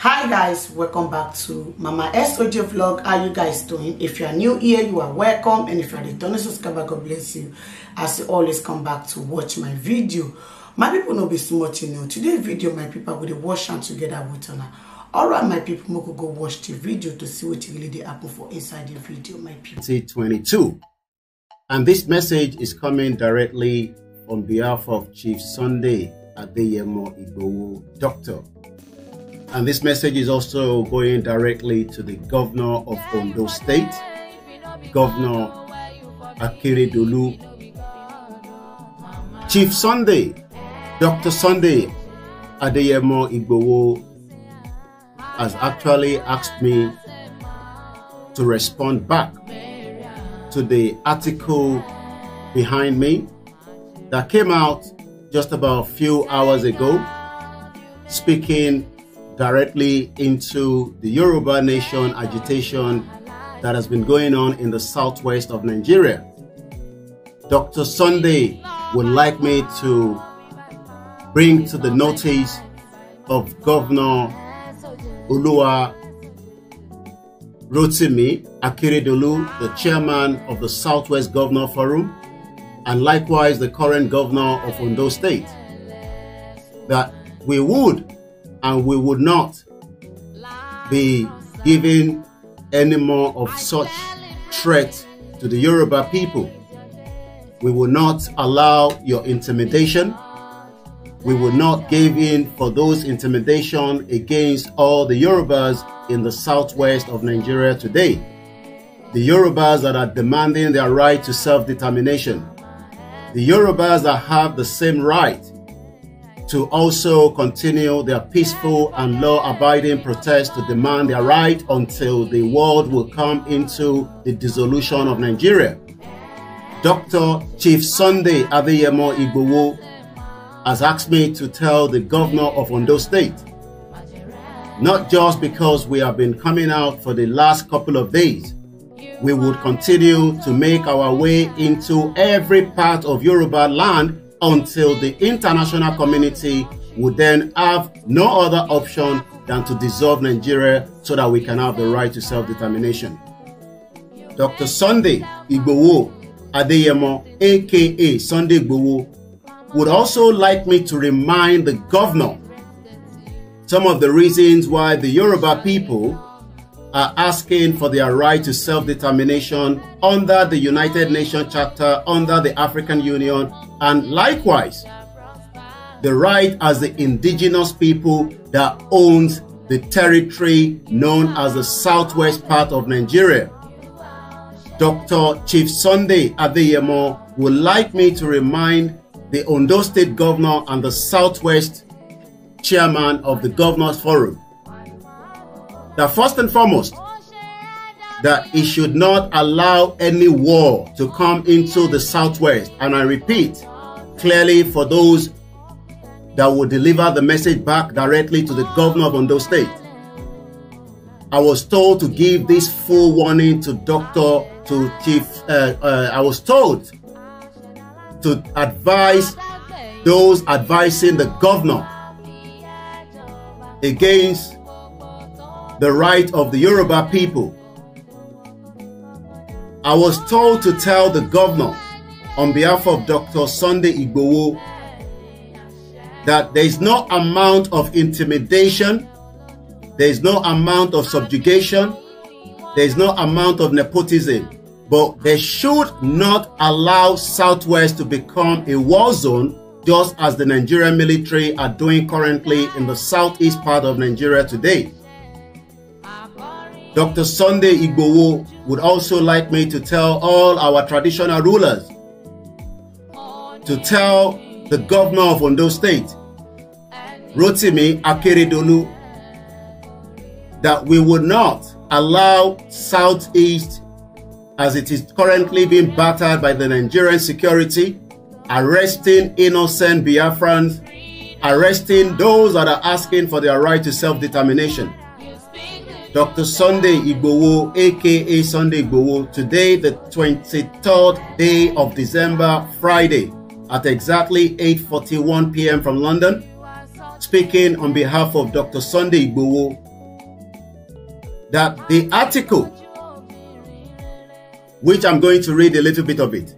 hi guys welcome back to mama soj vlog how you guys doing if you are new here you are welcome and if you are returning subscriber god bless you as you always come back to watch my video my people know be small you know today video my people will dey watch together with una all right my people make go watch the video to see wetin really dey happen for inside the video my people 22 and this message is coming directly on behalf of chief sunday adeyemo igbowo doctor And this message is also going directly to the governor of Ondo State, Governor Akiri Dulu, Chief Sunday, Dr. Sunday Adeyemo Igbowo has actually asked me to respond back to the article behind me that came out just about a few hours ago speaking directly into the Yoruba nation agitation that has been going on in the southwest of Nigeria. Dr. Sunday would like me to bring to the notice of Governor Ulua Rotimi Akiridulu, the chairman of the Southwest Governor Forum, and likewise the current governor of Ondo State, that we would and we would not be giving any more of such threat to the Yoruba people. We will not allow your intimidation. We will not give in for those intimidation against all the Yorubas in the southwest of Nigeria today. The Yorubas that are demanding their right to self-determination. The Yorubas that have the same right to also continue their peaceful and law-abiding protest to demand their right until the world will come into the dissolution of Nigeria. Dr. Chief Sunday Adeyemo Igbowo has asked me to tell the governor of Ondo State, not just because we have been coming out for the last couple of days, we would continue to make our way into every part of Yoruba land until the international community would then have no other option than to dissolve Nigeria so that we can have the right to self-determination. Dr. Sunday Igbowo Adeyemo, aka Sunday Igbowo, would also like me to remind the governor some of the reasons why the Yoruba people are asking for their right to self-determination under the United Nations Charter, under the African Union, and likewise the right as the indigenous people that owns the territory known as the southwest part of Nigeria. Dr. Chief Sunday Adeyemo would like me to remind the Ondo State Governor and the Southwest Chairman of the Governors Forum that first and foremost, that it should not allow any war to come into the southwest. And I repeat clearly for those that will deliver the message back directly to the governor of Ondo State. I was told to give this full warning to Doctor, to Chief. Uh, uh, I was told to advise those advising the governor against the right of the Yoruba people I was told to tell the governor on behalf of Dr. Sunday Igbowo that there is no amount of intimidation, there is no amount of subjugation, there is no amount of nepotism, but they should not allow Southwest to become a war zone just as the Nigerian military are doing currently in the southeast part of Nigeria today. Dr. Sunday Igbowo would also like me to tell all our traditional rulers to tell the governor of Ondo State, Rotimi Akeredolu, that we would not allow Southeast, as it is currently being battered by the Nigerian security, arresting innocent Biafrans, arresting those that are asking for their right to self-determination. Dr. Sunday Igbowo, aka Sunday Igbowo, today, the 23rd day of December, Friday, at exactly 8.41 p.m. from London, speaking on behalf of Dr. Sunday Igbowo, that the article, which I'm going to read a little bit of it,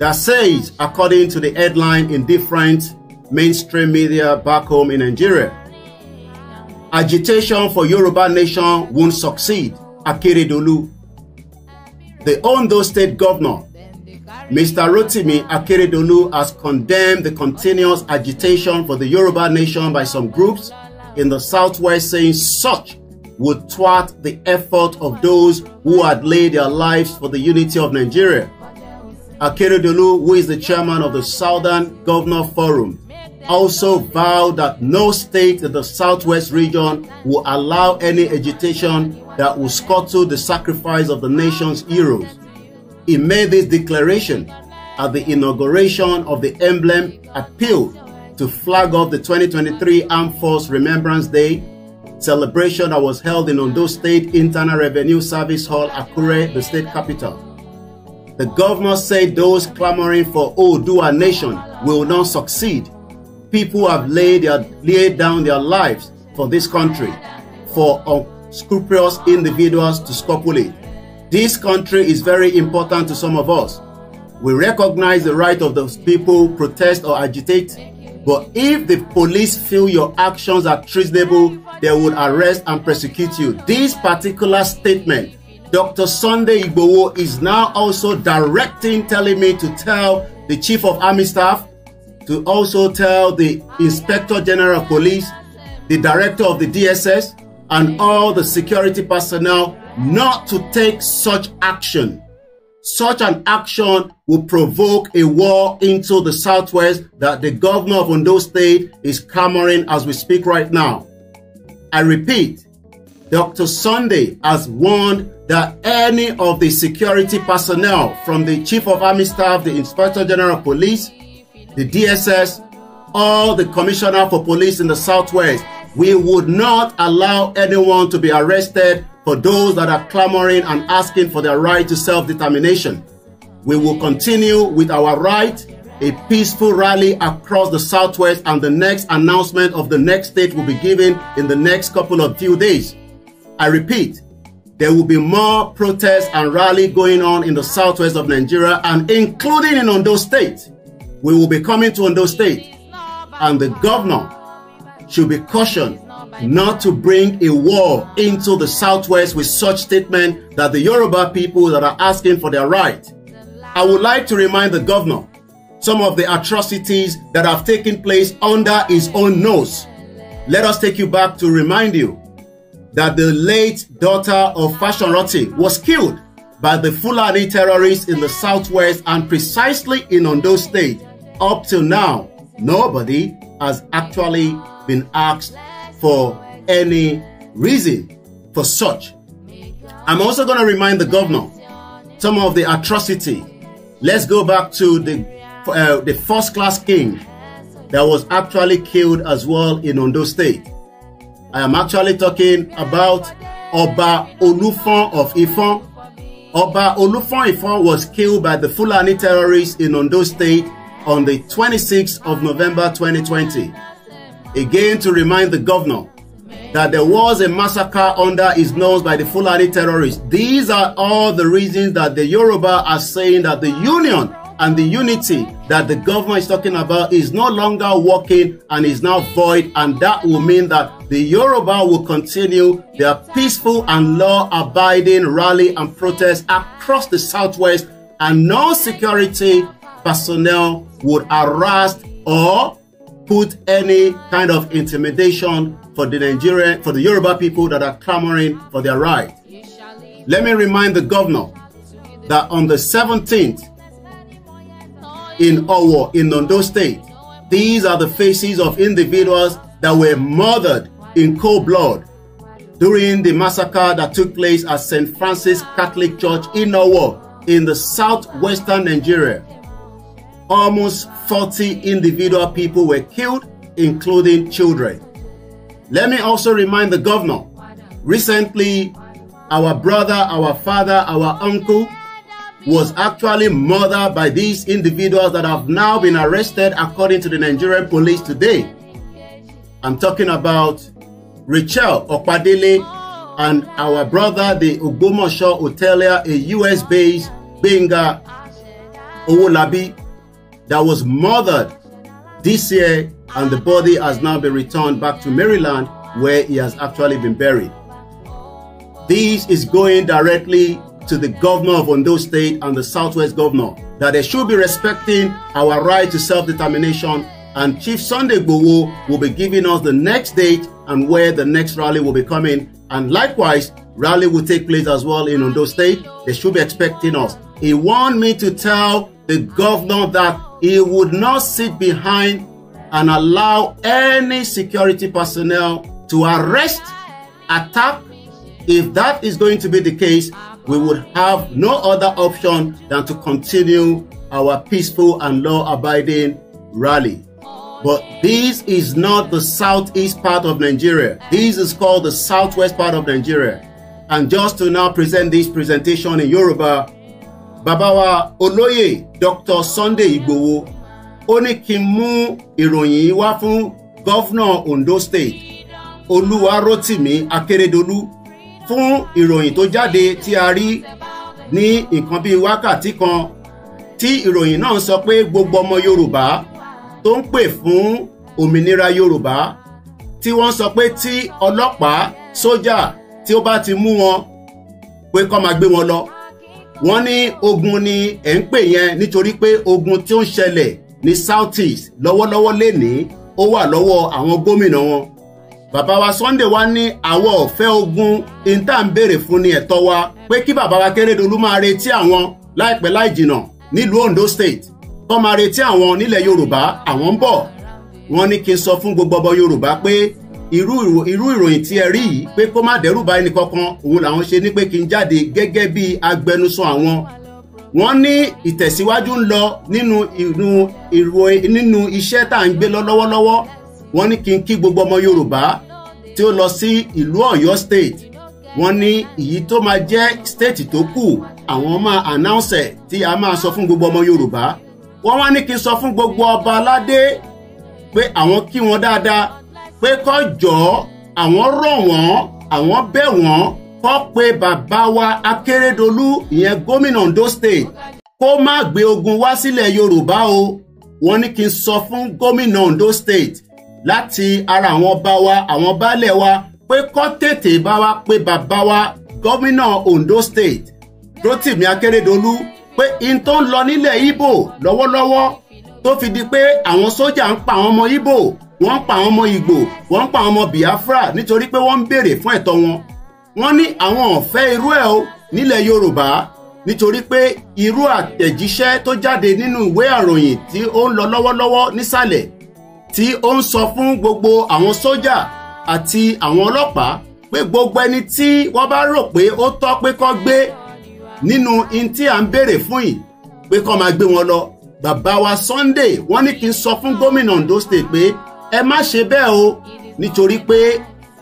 that says, according to the headline in different mainstream media back home in Nigeria, Agitation for Yoruba nation won't succeed, Akeredolu. The Ondo State Governor, Mr. Rotimi Akeredolu, has condemned the continuous agitation for the Yoruba nation by some groups in the southwest, saying such would thwart the effort of those who had laid their lives for the unity of Nigeria. Akeredolu, who is the chairman of the Southern Governor Forum, also vowed that no state in the southwest region will allow any agitation that will scuttle the sacrifice of the nation's heroes. He made this declaration at the inauguration of the emblem appeal to flag off the 2023 Armed Force Remembrance Day celebration that was held in Ondo State Internal Revenue Service Hall, Akure, the state capital. The governor said those clamoring for Odua Nation will not succeed people have laid, their, laid down their lives for this country, for unscrupulous individuals to squapulate. This country is very important to some of us. We recognize the right of those people protest or agitate, but if the police feel your actions are treasonable, they will arrest and prosecute you. This particular statement, Dr. Sunday Igbowo is now also directing, telling me to tell the Chief of Army Staff, to also tell the Inspector General of Police, the Director of the DSS, and all the security personnel not to take such action. Such an action will provoke a war into the Southwest that the governor of Ondo State is clamoring as we speak right now. I repeat, Dr. Sunday has warned that any of the security personnel from the Chief of Army Staff, the Inspector General of Police, the DSS, all the commissioner for police in the Southwest, we would not allow anyone to be arrested for those that are clamoring and asking for their right to self-determination. We will continue with our right, a peaceful rally across the Southwest and the next announcement of the next state will be given in the next couple of few days. I repeat, there will be more protests and rally going on in the Southwest of Nigeria and including in Ondo State. We will be coming to Ondo State, and the governor should be cautioned not to bring a war into the Southwest with such statement that the Yoruba people that are asking for their right. I would like to remind the governor some of the atrocities that have taken place under his own nose. Let us take you back to remind you that the late daughter of Fashion Roti was killed by the Fulani terrorists in the southwest and precisely in Ondo State up till now, nobody has actually been asked for any reason for such. I'm also going to remind the governor some of the atrocity. Let's go back to the uh, the first class king that was actually killed as well in Ondo State. I am actually talking about Oba Olufon of Ifon. Oba Olufon Ifon was killed by the Fulani terrorists in Ondo State on the 26th of November 2020. Again, to remind the governor that there was a massacre under his nose by the Fulani terrorists. These are all the reasons that the Yoruba are saying that the union and the unity that the government is talking about is no longer working and is now void. And that will mean that the Yoruba will continue their peaceful and law abiding rally and protest across the Southwest and no security personnel would arrest or put any kind of intimidation for the Nigerian, for the Yoruba people that are clamoring for their right. Let me remind the governor that on the 17th in Owo, in Nondo State, these are the faces of individuals that were murdered in cold blood during the massacre that took place at St. Francis Catholic Church in Owo in the southwestern Nigeria almost 40 individual people were killed, including children. Let me also remind the governor, recently our brother, our father, our uncle was actually murdered by these individuals that have now been arrested according to the Nigerian police today. I'm talking about Rachel Okpadele and our brother, the Ogbomoso Hotelier, a US-based Benga Owolabi that was murdered this year, and the body has now been returned back to Maryland where he has actually been buried. This is going directly to the governor of Ondo State and the Southwest governor that they should be respecting our right to self determination. And Chief Sunday Gbowo will be giving us the next date and where the next rally will be coming. And likewise, rally will take place as well in Ondo State. They should be expecting us. He warned me to tell the governor that he would not sit behind and allow any security personnel to arrest, attack. If that is going to be the case, we would have no other option than to continue our peaceful and law abiding rally. But this is not the southeast part of Nigeria. This is called the southwest part of Nigeria. And just to now present this presentation in Yoruba bàbá wa olóyè Dr. Sunday Igboho ó ní kí n mú ìròyìn wá fún gọ́fúnà Ondo State Olúwarótìmí Akérédolú fún ìròyìn tó jáde tí a rí ní nǹkan bíi wákàtí kan tí ìròyìn náà sọ pé gbogbo ọmọ Yorùbá tó ń pè fún òmìnira Yorùbá tí wọ́n sọ pé tí ọlọ́pàá sójà tí ó bá ti mú wọn pé kó máa gbé wọn lọ wọ́n ní ogun ni ẹ̀ ń pè yẹn nítorí pé ogun tí ó ń ṣẹlẹ̀ ní southeast lọ́wọ́lọ́wọ́ lénìí ó wà lọ́wọ́ àwọn gómìnà wọn bàbá wa Sunday wa ní àwọ̀ ọ̀fẹ́ ogun ìta ń béèrè fún ni ẹ̀tọ́ wa pé kí bàbá wa Kérédolú máa retí àwọn láìpẹ́ láì jìnà nílùú Ondo state tó máa retí àwọn nílẹ̀ Yorùbá àwọn ń bọ̀ wọ́n ní kí n sọ fún gbogbo ọbọ Yorùbá pé irú irú ìròyìn tí ẹ rí yìí pé kó má dẹ́rù bà ẹnì kankan òun làwọn ṣe ní pé kí n jáde gẹ́gẹ́ bí agbẹnusọ àwọn wọ́n ní ìtẹ̀síwájú ń lọ nínú ìrù ìròyìn nínú iṣẹ́ tá à ń gbé lọ lọ́wọ́lọ́wọ́ wọ́n ní kí n kí gbogbo ọmọ Yorùbá tí ó lọ sí ìlú Ọ̀yọ́ state wọ́n ní èyí tó máa jẹ́ state tó kù àwọn máa announce ẹ̀ tí a máa sọ fún gbogbo ọmọ Yorùbá wọ́n wá ní kí n sọ fún gbogbo ọba aládé pé àwọn kí wọn dáadáa pé kó jọ̀ọ́ àwọn rọ̀ wọ́n àwọn bẹ̀ wọ́n kó pe bàbá wa Akérédolú ìyẹn gómìnà Ondo state kó má gbé ogun wá sílẹ̀ Yorùbá o wọ́n ní kí n sọ fún gómìnà Ondo state láti ara àwọn ọba wa àwọn baálẹ̀ wa pé kó tètè bá wa pé bàbá wa gómìnà Ondo state Rotimi Akérédolú pé in tó ń lọ nílẹ̀ Ìgbò lọ́wọ́lọ́wọ́ tó fi di pé àwọn sójà ń pa àwọn ọmọ ibo wọ́n pa àwọn ọmọ Ìgbò wọ́n pa àwọn ọmọ Biafra nítorí pé wọ́n ń béèrè fún ẹ̀tọ́ wọn wọ́n ní àwọn ò fẹ́ irú ẹ̀ o nílẹ̀ Yorùbá nítorí pé irú àtẹ̀jíṣẹ́ tó jáde nínú ìwé àròyìn tí ó ń lọ lọ́wọ́lọ́wọ́ nísàlẹ̀ tí ó ń sọ fún gbogbo àwọn sójà àti àwọn ọlọ́pàá pé gbogbo ẹni tí wọ́n bá rò pé ó tọ́ pé kó gbé nínú in tí à ń béèrè fún yìí pé kó máa gbé wọn lọ bàbá wa Sunday wọ́n ní kí n sọ fún gómìnà Ondo state pé ẹ má ṣe bẹ́ẹ̀ o nítorí pé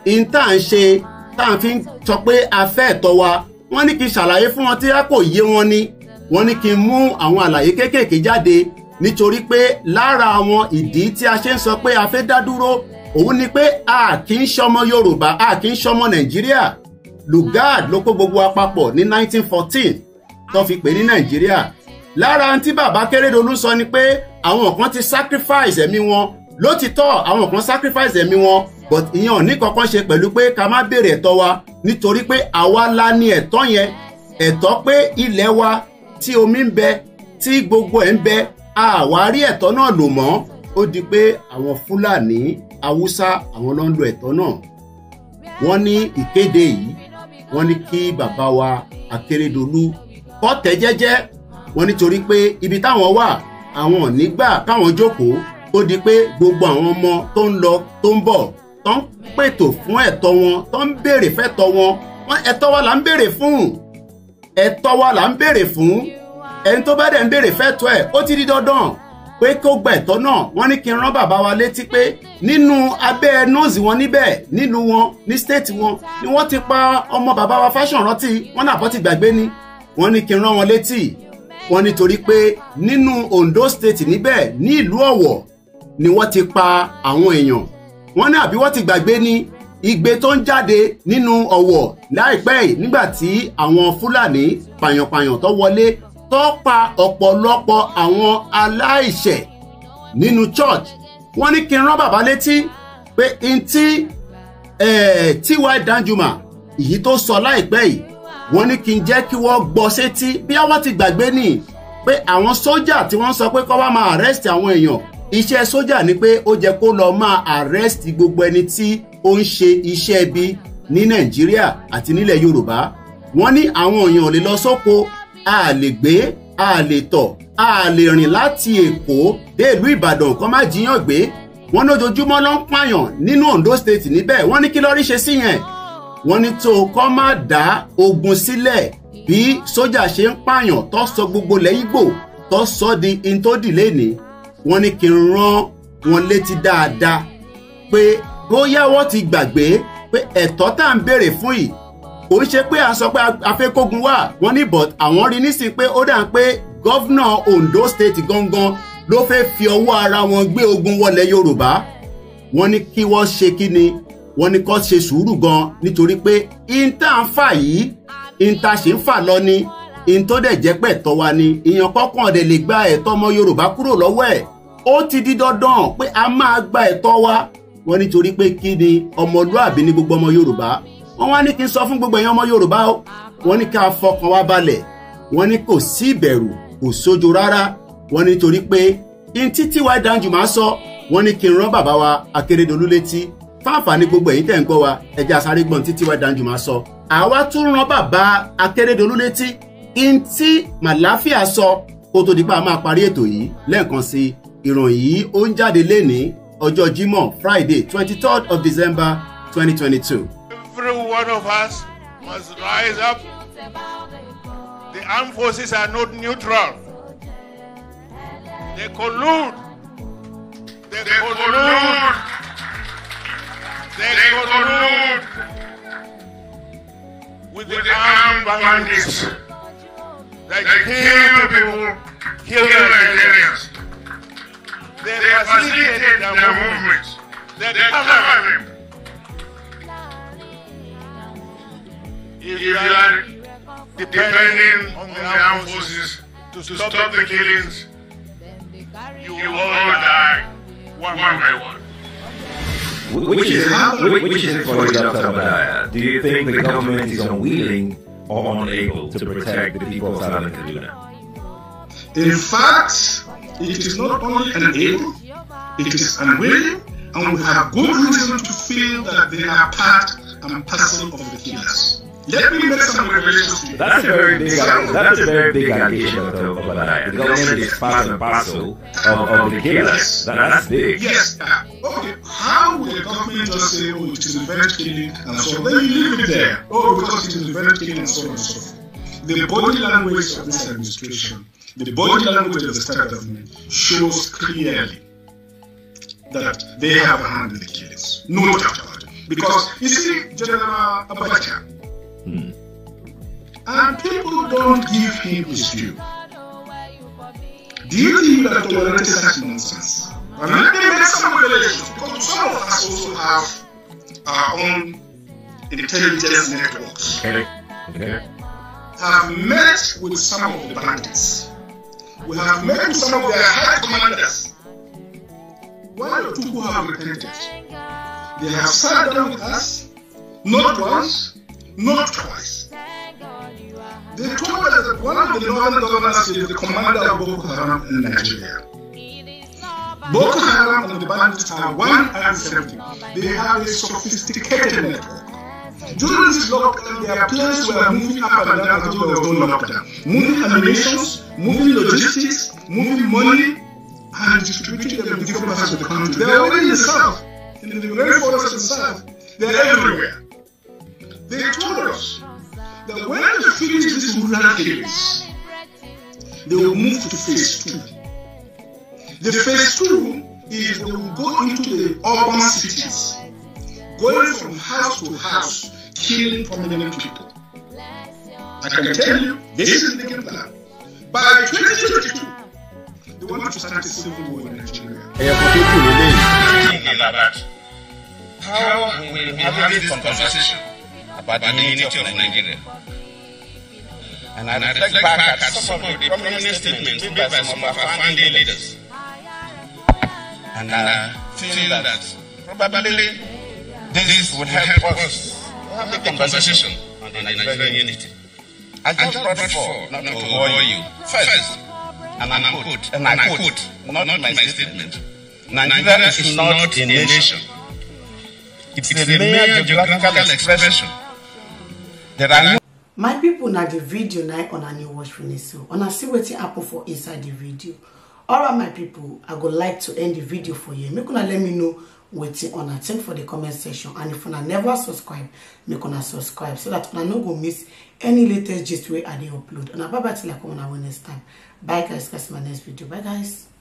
ihun tá à ń ṣe tá à ń fi sọ pé a fẹ́ ẹ̀tọ́ wa wọ́n ní kí n ṣàlàyé fún wọn tí a kò yé wọn ni wọ́n ní kí n mú àwọn àlàyé kéékèèké jáde nítorí pé lára àwọn ìdí tí a ṣe ń sọ pé a fẹ́ dá dúró òun ni pé a kì í ṣọmọ Yorùbá a kì í ṣọmọ Nàìjíríà Lugard ló kó gbogbo apapọ̀ ní 1914 tó fi pè ní Nàìjíríà lára tí bàbá Kérédolú sọ ni pé àwọn kan ti sacrifice ẹ̀mí wọn lótìtọ́ àwọn kan sacrifice ẹ̀mí wọn but ìyẹn ò ní kankan ṣe pẹ̀lú pé ká má béèrè ẹ̀tọ́ wa nítorí pé àwa la ní ẹ̀tọ́ yẹn ẹ̀tọ́ pé ilẹ̀ wa tí omi ń bẹ tí gbogbo ẹ̀ ń bẹ àwa rí ẹ̀tọ́ náà lò mọ́ ó di pé àwọn Fúlàní Haúsá àwọn ló ń lo ẹ̀tọ́ náà wọ́n ní ìkéde yìí wọ́n ní kí bàbá wa Akérédolú kó tẹ́ jẹ́jẹ́ wọ́n nítorí pé ibi táwọn wà àwọn ò ní gbà káwọn jókòó ó di pé gbogbo àwọn ọmọ tó ń lọ tó ń bọ̀ tó ń pètò fún ẹ̀tọ́ wọn tó ń béèrè fẹ́tọ́ wọn wọn ẹ̀tọ́ wa là ń béèrè fún ẹ̀tọ́ wa là ń béèrè fún ẹni tó bá dẹ̀ ń béèrè fẹ́tọ́ ẹ̀ ó ti di dandan pé kó gba ẹ̀tọ́ náà wọ́n ní kí n rán bàbá wa létí pé nínú abẹ́ nọ́ọ̀sì wọn níbẹ̀ nílùú wọn ní stéètì wọn ni wọ́n ti pa ọmọ bàbá wa Fáṣọ̀rántì wọn náà bọ́ ti gbàgbé ni wọ́n ní kí n rán wọn létí wọ́n nítorí pé nínú Ondo stéètì níbẹ̀ ní ìlú Ọ̀wọ̀ ni wọ́n ti pa àwọn èèyàn wọ́n ní àbí wọ́n ti gbàgbé ní igbe tó ń jáde nínú ọ̀wọ̀ láìpẹ́ yìí nígbà tí àwọn fúlàní pàyànpàyàn tó wọlé tó pa ọ̀pọ̀lọpọ̀ àwọn aláìṣẹ̀ nínú church wọ́n ní kí n rán bàbá létí pé n tí eh, T.Y. Danjuma èyí tó sọ láìpẹ́ yìí wọ́n ní kí n jẹ́ kí wọ́n gbọ́ sétí bí wọ́n ti gbàgbé nìyí pé àwọn sójà tí wọ́n sọ pé kó wá máa arrest àwọn èèyàn iṣẹ́ sójà ni pé ó jẹ́ kó lọ máa arrest gbogbo ẹni tí ó ń ṣe iṣẹ́ ibi ní nàìjíríà àti nílẹ̀ yorùbá wọ́n ní àwọn èèyàn ò lè lọ sóko a lè gbé a lè tọ̀ a lè rìn láti èkó dé ìlú ìbàdàn kó má jiyàn gbé wọ́n lójoojúmọ́ ló ń pààyàn nínú ondo state níbẹ̀ wọ́n ní kí lọ́ọ́ rí ṣe sí yẹn wọ́n ní tó kọ́ má dá ogun sílẹ̀ bí sójà ṣe ń pààyàn tó sọ gbogbo lẹ́yìn gbò tó sọ di intodi lẹ́nìí wọ́n ní kí n rán wọn létí dáadáa pé bóyá wọ́n ti gbàgbé pé ẹ̀tọ́ tá à ń béèrè fún yìí kò ń ṣe pé a sọ pé afẹ́kógun wà wọ́n ní but àwọn rí nísìn pé ó dà pé gọ́vnà Ondo state gangan ló fẹ́ fi ọwọ́ ara wọn gbé ogun wọlé Yorùbá wọ́n ní kí wọ́n ṣe kí ni wọ́n ní kó ṣe sùúrù gan nítorí pé ìta ń fà yìí ìta ṣì ń fà lọ ni ìtọ́dẹ̀ jẹ́ pẹ̀tọ́ wa ni ìyàn ọ̀dẹ̀ lè gba ẹ̀tọ́ ọmọ Yorùbá kúrò lọ́wọ́ ẹ̀ ó ti di dandan pé a máa gba ẹ̀tọ́ wa wọ́n nítorí pé kí ni ọmọlúàbí ní gbogbo ọmọ yorùbá wọ́n wá ní kí n sọ fún gbogbo ẹ̀yin ọmọ yorùbá o wọ́n ní ká fọkàn wa balẹ̀ wọ́n ní kò sí ìbẹ̀rù kò sójo rárá wọ́n nítorí pé n títí wa danjù máa sọ wọ́n ní kí n rán bàbá wa akérèdọ́lù létí fáǹfààní gbogbo ẹ̀yin tẹ̀ ń gbọ́ wa ẹja sáré gbọ́n títí wa danjù máa sọ àwa tún rán bàbá akérèdọ́lù létí n tí màláfíà sọ kó tó di pa máa parí ètò yìí lẹ́ẹ̀kan sí i ìròyìn yìí ó ń jáde lénìí ọjọ́ Jímọ̀ Friday twenty third of December twenty twenty two. Every one of us must rise up. The armed forces are not neutral. They collude. They, they collude. collude. They, they collude. With, With the armed bandits. They, they kill people, kill Nigerians. They, they facilitated their, their movements. They, they cover If you are depending on the armed forces to stop the killings, you will all die one by one. Which is how, which is, for example, uh, do you think the government is unwilling or unable to protect the people of Southern Kaduna? In fact, it is not only unable, it is unwilling, and we have good reason to feel that they are part and parcel of the healers. Let me make some revelations to you. That's a very big, that's a very big allegation of Obadiah. The government is part and parcel of, of the killers. That, that's big. Yes. Uh, okay. How would the government just say, oh, it is revenge killing and so on? Then you leave it there. Oh, because it is revenge killing and so on and so forth. The body language of this administration the body language of the state government shows clearly that they have handled the case. No doubt about it. Because you see, General Abacha, hmm. and people don't give him his due. Do you think that tolerated such nonsense? I mean, let me make some revelations because some of us also have our own intelligence networks. Okay. Okay. Have met with some of the bandits. We have met some of their high commanders. One or two who have repented. They have sat down with us, not once, not twice. They told us that one of the northern governors is the commander of Boko Haram in Nigeria. Boko Haram and the bandits are one and seventy. They have a sophisticated network. During this lockdown, their planes were moving up and down as there was no lockdown, moving ammunitions, moving logistics, moving money, and distributing them in different parts of the country. They're already in the south, in the very forest of the south. They're everywhere. They told us that when they finish these rural killings, they will move to phase two. The phase two is they will go into the urban cities, going from house to house, killing prominent people. I can tell you, this is the game plan. By 2022, they want to start a civil war in Nigeria. How we will be having this conversation about the unity of Nigeria. And I reflect back, back at some of the prominent statements made by some of our founding leaders. And I feel that probably this would help us have the conversation on the Nigerian unity. I just, I just brought, brought four, not, not to bore you. you. First, First and, and, I'm quote, and I quote, not, not my statement. Nigeria, Nigeria is, not, not a nation. It's, it's a, a mere geographical expression. There are my people, na the video na on a new watch for this show. on a see wetin happen for inside the video all right my people, i would like to end the video for you. make una let me know wetin una think for the comment section and if una never subscribe make una subscribe so that una no go miss any latest gist wey i dey upload una bye bye till i come una next time bye guys guys my next video bye guys